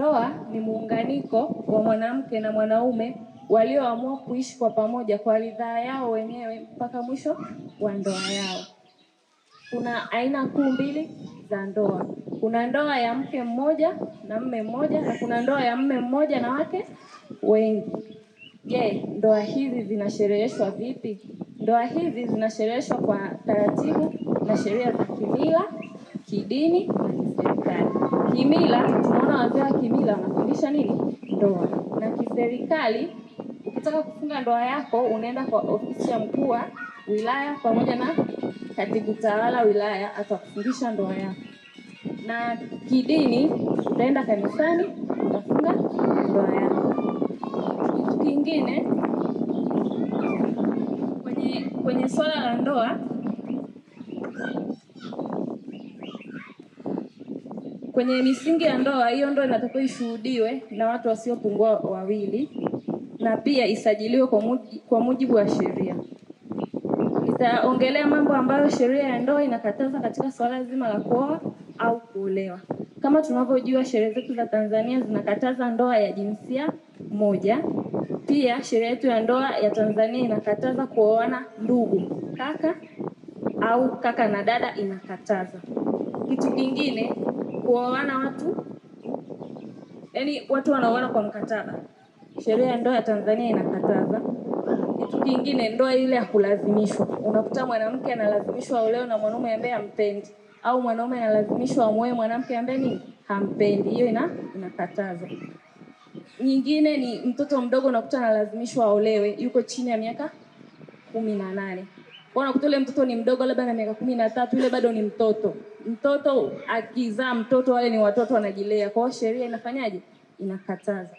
Ndoa ni muunganiko wa mwanamke na mwanaume walioamua kuishi kwa pamoja kwa ridhaa yao wenyewe mpaka mwisho wa ndoa yao. Kuna aina kuu mbili za ndoa. Kuna ndoa ya mke mmoja na mme mmoja na kuna ndoa ya mme mmoja na wake wengi. Je, ndoa hizi zinashereheshwa vipi? Ndoa hizi zinashereheshwa kwa taratibu na sheria za kimila kidini na kiserikali. Kimila, tunaona wazee wa kimila wanafundisha nini? Ndoa. Na kiserikali, ukitaka kufunga ndoa yako unaenda kwa ofisi ya mkuu wa wilaya pamoja na katibu tawala wilaya, atakufundisha ndoa yako. Na kidini, utaenda kanisani utafunga ndoa yako. Kitu kingine kwenye kwenye swala la ndoa kwenye misingi ya ndoa, hiyo ndoa inatakiwa ishuhudiwe na watu wasiopungua wawili na pia isajiliwe kwa mujibu, kwa mujibu wa sheria. Nitaongelea mambo ambayo sheria ya ndoa inakataza katika suala zima la kuoa au kuolewa. Kama tunavyojua, sheria zetu za Tanzania zinakataza ndoa ya jinsia moja. Pia sheria yetu ya ndoa ya Tanzania inakataza kuoana ndugu, kaka au kaka na dada inakataza. Kitu kingine kuoana watu, yani watu wanaoana kwa mkataba. Sheria ya ndoa ya Tanzania inakataza. Kitu kingine, ndoa ile ya kulazimishwa. Unakuta mwanamke analazimishwa aolewe na mwanaume ambaye hampendi, au mwanaume analazimishwa amoe mwanamke ambaye ni hampendi. Hiyo ina inakataza. Nyingine ni mtoto mdogo, unakuta analazimishwa aolewe, yuko chini ya miaka kumi na nane. Unakuta ule mtoto ni mdogo, labda na miaka kumi na tatu, yule bado ni mtoto mtoto akizaa mtoto wale ni watoto wanajilea. Kwa sheria inafanyaje? Inakataza.